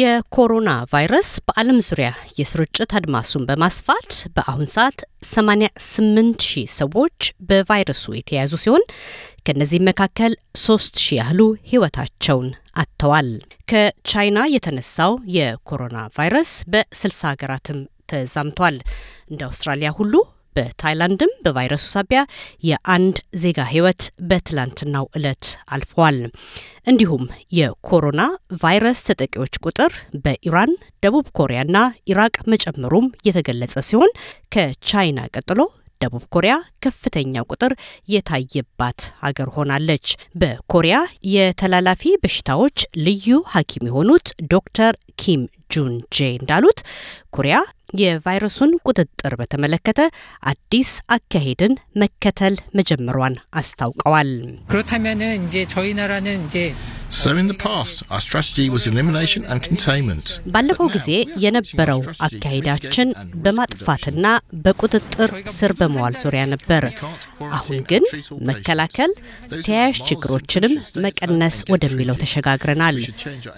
የኮሮና ቫይረስ በዓለም ዙሪያ የስርጭት አድማሱን በማስፋት በአሁን ሰዓት 88 ሺህ ሰዎች በቫይረሱ የተያዙ ሲሆን ከእነዚህም መካከል 3 ሺህ ያህሉ ሕይወታቸውን አጥተዋል። ከቻይና የተነሳው የኮሮና ቫይረስ በ60 ሀገራትም ተዛምቷል። እንደ አውስትራሊያ ሁሉ በታይላንድም በቫይረሱ ሳቢያ የአንድ ዜጋ ህይወት በትላንትናው ዕለት አልፏል። እንዲሁም የኮሮና ቫይረስ ተጠቂዎች ቁጥር በኢራን ደቡብ ኮሪያና ኢራቅ መጨመሩም የተገለጸ ሲሆን ከቻይና ቀጥሎ ደቡብ ኮሪያ ከፍተኛ ቁጥር የታየባት ሀገር ሆናለች። በኮሪያ የተላላፊ በሽታዎች ልዩ ሐኪም የሆኑት ዶክተር ኪም ጁን ጄ እንዳሉት ኮሪያ የቫይረሱን ቁጥጥር በተመለከተ አዲስ አካሄድን መከተል መጀመሯን አስታውቀዋል። ባለፈው ጊዜ የነበረው አካሄዳችን በማጥፋትና በቁጥጥር ስር በመዋል ዙሪያ ነበር። አሁን ግን መከላከል፣ ተያያዥ ችግሮችንም መቀነስ ወደሚለው ተሸጋግረናል።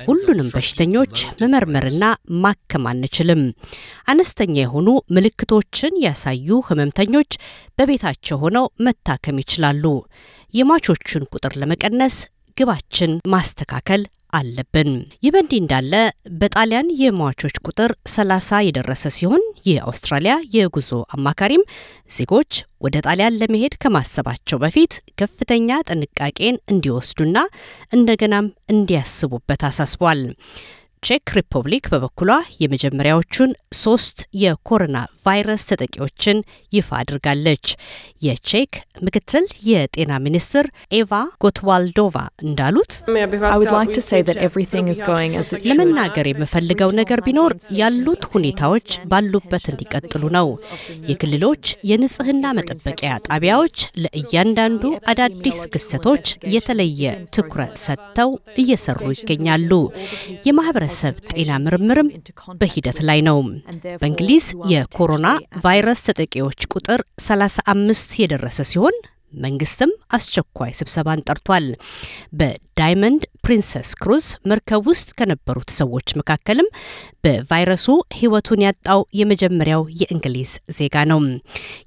ሁሉንም በሽተኞች መመርመርና ማከም አንችልም። አነስተኛ የሆኑ ምልክቶችን ያሳዩ ህመምተኞች በቤታቸው ሆነው መታከም ይችላሉ። የሟቾቹን ቁጥር ለመቀነስ ግባችን ማስተካከል አለብን። ይህ በእንዲህ እንዳለ በጣሊያን የሟቾች ቁጥር 30 የደረሰ ሲሆን የአውስትራሊያ የጉዞ አማካሪም ዜጎች ወደ ጣሊያን ለመሄድ ከማሰባቸው በፊት ከፍተኛ ጥንቃቄን እንዲወስዱና እንደገናም እንዲያስቡበት አሳስቧል። ቼክ ሪፐብሊክ በበኩሏ የመጀመሪያዎቹን ሶስት የኮሮና ቫይረስ ተጠቂዎችን ይፋ አድርጋለች። የቼክ ምክትል የጤና ሚኒስትር ኤቫ ጎትዋልዶቫ እንዳሉት ለመናገር የምፈልገው ነገር ቢኖር ያሉት ሁኔታዎች ባሉበት እንዲቀጥሉ ነው። የክልሎች የንጽህና መጠበቂያ ጣቢያዎች ለእያንዳንዱ አዳዲስ ክስተቶች የተለየ ትኩረት ሰጥተው እየሰሩ ይገኛሉ። የማህበረ የማህበረሰብ ጤና ምርምርም በሂደት ላይ ነው። በእንግሊዝ የኮሮና ቫይረስ ተጠቂዎች ቁጥር 35 የደረሰ ሲሆን መንግስትም አስቸኳይ ስብሰባን ጠርቷል። በዳይመንድ ፕሪንሰስ ክሩዝ መርከብ ውስጥ ከነበሩት ሰዎች መካከልም በቫይረሱ ሕይወቱን ያጣው የመጀመሪያው የእንግሊዝ ዜጋ ነው።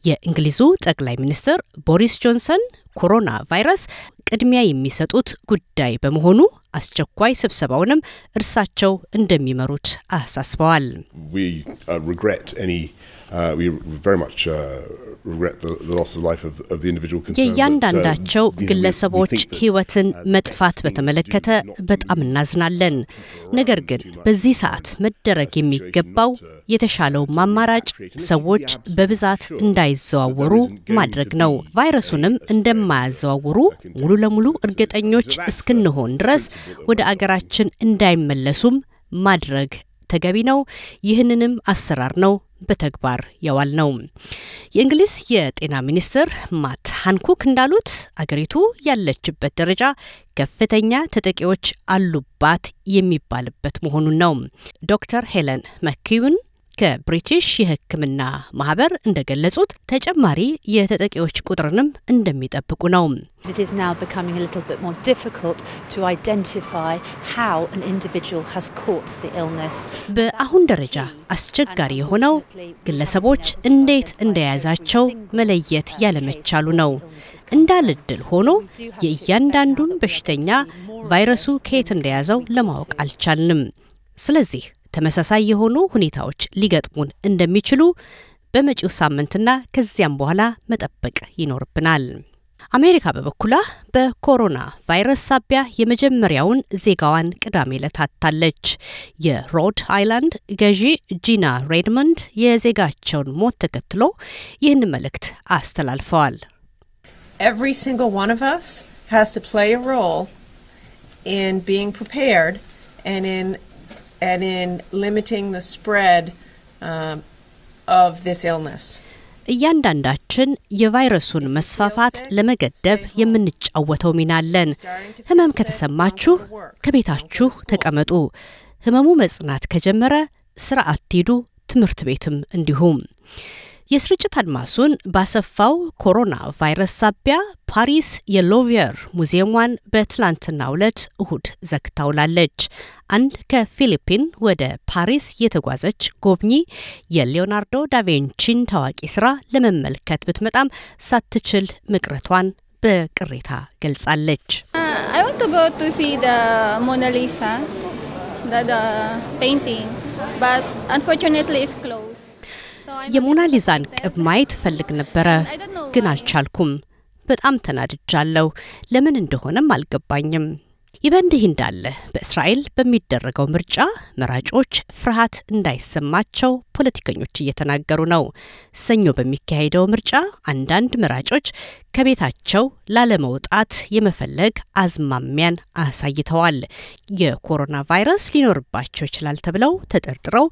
የእንግሊዙ ጠቅላይ ሚኒስትር ቦሪስ ጆንሰን ኮሮና ቫይረስ ቅድሚያ የሚሰጡት ጉዳይ በመሆኑ አስቸኳይ ስብሰባውንም እርሳቸው እንደሚመሩት አሳስበዋል። uh, የእያንዳንዳቸው ግለሰቦች ሕይወትን መጥፋት በተመለከተ በጣም እናዝናለን። ነገር ግን በዚህ ሰዓት uh, መደረግ የሚገባው uh, የተሻለው አማራጭ ሰዎች በብዛት እንዳይዘዋወሩ ማድረግ ነው። ቫይረሱንም እንደማያዘዋውሩ ሙሉ ለሙሉ እርግጠኞች uh, እስክንሆን ድረስ ወደ አገራችን እንዳይመለሱም ማድረግ ተገቢ ነው። ይህንንም አሰራር ነው በተግባር የዋል ነው። የእንግሊዝ የጤና ሚኒስትር ማት ሃንኩክ እንዳሉት አገሪቱ ያለችበት ደረጃ ከፍተኛ ተጠቂዎች አሉባት የሚባልበት መሆኑን ነው። ዶክተር ሄለን መኪውን ከብሪቲሽ የሕክምና ማህበር እንደገለጹት ተጨማሪ የተጠቂዎች ቁጥርንም እንደሚጠብቁ ነው። በአሁን ደረጃ አስቸጋሪ የሆነው ግለሰቦች እንዴት እንደያዛቸው መለየት ያለመቻሉ ነው። እንዳልድል ሆኖ የእያንዳንዱን በሽተኛ ቫይረሱ ከየት እንደያዘው ለማወቅ አልቻልንም። ስለዚህ ተመሳሳይ የሆኑ ሁኔታዎች ሊገጥሙን እንደሚችሉ በመጪው ሳምንትና ከዚያም በኋላ መጠበቅ ይኖርብናል። አሜሪካ በበኩሏ በኮሮና ቫይረስ ሳቢያ የመጀመሪያውን ዜጋዋን ቅዳሜ ለታታለች። የሮድ አይላንድ ገዢ ጂና ሬድመንድ የዜጋቸውን ሞት ተከትሎ ይህን መልእክት አስተላልፈዋል። Every single one of us has to play a role in being prepared and in and in limiting the spread um, of this illness. እያንዳንዳችን የቫይረሱን መስፋፋት ለመገደብ የምንጫወተው ሚና አለን። ህመም ከተሰማችሁ ከቤታችሁ ተቀመጡ። ህመሙ መጽናት ከጀመረ ስራ አትሂዱ፣ ትምህርት ቤትም እንዲሁም። የስርጭት አድማሱን ባሰፋው ኮሮና ቫይረስ ሳቢያ ፓሪስ የሎቪየር ሙዚየሟን በትላንትናው ዕለት እሁድ ዘግታውላለች። አንድ ከፊሊፒን ወደ ፓሪስ የተጓዘች ጎብኚ የሊዮናርዶ ዳቬንቺን ታዋቂ ስራ ለመመልከት ብትመጣም ሳትችል መቅረቷን በቅሬታ ገልጻለች። ሞናሊሳ uh, የሞናሊዛን ቅብ ማየት ፈልግ ነበረ፣ ግን አልቻልኩም። በጣም ተናድጃለሁ። ለምን እንደሆነም አልገባኝም። ይህ በእንዲህ እንዳለ በእስራኤል በሚደረገው ምርጫ መራጮች ፍርሃት እንዳይሰማቸው ፖለቲከኞች እየተናገሩ ነው። ሰኞ በሚካሄደው ምርጫ አንዳንድ መራጮች ከቤታቸው ላለመውጣት የመፈለግ አዝማሚያን አሳይተዋል። የኮሮና ቫይረስ ሊኖርባቸው ይችላል ተብለው ተጠርጥረው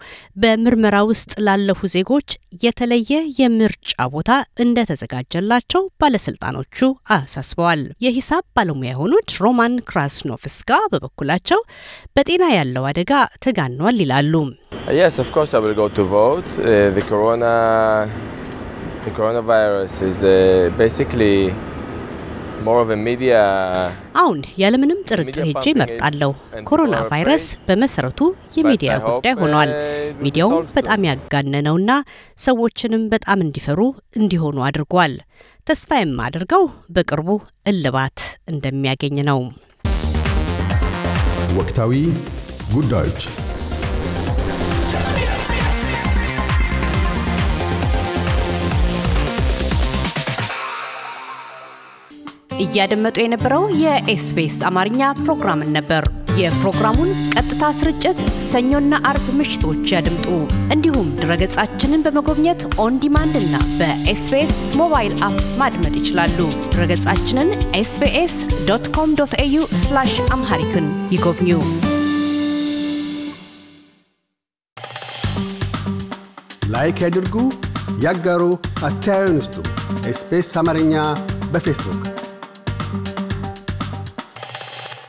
በምርመራ ውስጥ ላለፉ ዜጎች የተለየ የምርጫ ቦታ እንደተዘጋጀላቸው ባለስልጣኖቹ አሳስበዋል። የሂሳብ ባለሙያ የሆኑት ሮማን ክራስ ኖቭስካ በበኩላቸው በጤና ያለው አደጋ ተጋኗል ይላሉ። uh, uh, አሁን ያለምንም ጥርጥር ሄጄ እመርጣለሁ። ኮሮና ቫይረስ በመሰረቱ የሚዲያ ጉዳይ ሆኗል። uh, ሚዲያው በጣም ያጋነነውና ሰዎችንም በጣም እንዲፈሩ እንዲሆኑ አድርጓል። ተስፋ የማደርገው በቅርቡ እልባት እንደሚያገኝ ነው። ወቅታዊ ጉዳዮች እያደመጡ የነበረው የኤስፔስ አማርኛ ፕሮግራምን ነበር። የፕሮግራሙን ቀጥታ ስርጭት ሰኞና አርብ ምሽቶች ያድምጡ። እንዲሁም ድረገጻችንን በመጎብኘት ኦን ዲማንድ እና በኤስቤስ ሞባይል አፕ ማድመጥ ይችላሉ። ድረገጻችንን ኤስቤስ ዶት ኮም ዶት ኤዩ አምሃሪክን ይጎብኙ። ላይክ ያድርጉ፣ ያጋሩ፣ አስተያየትን ይስጡ። አማርኛ በፌስቡክ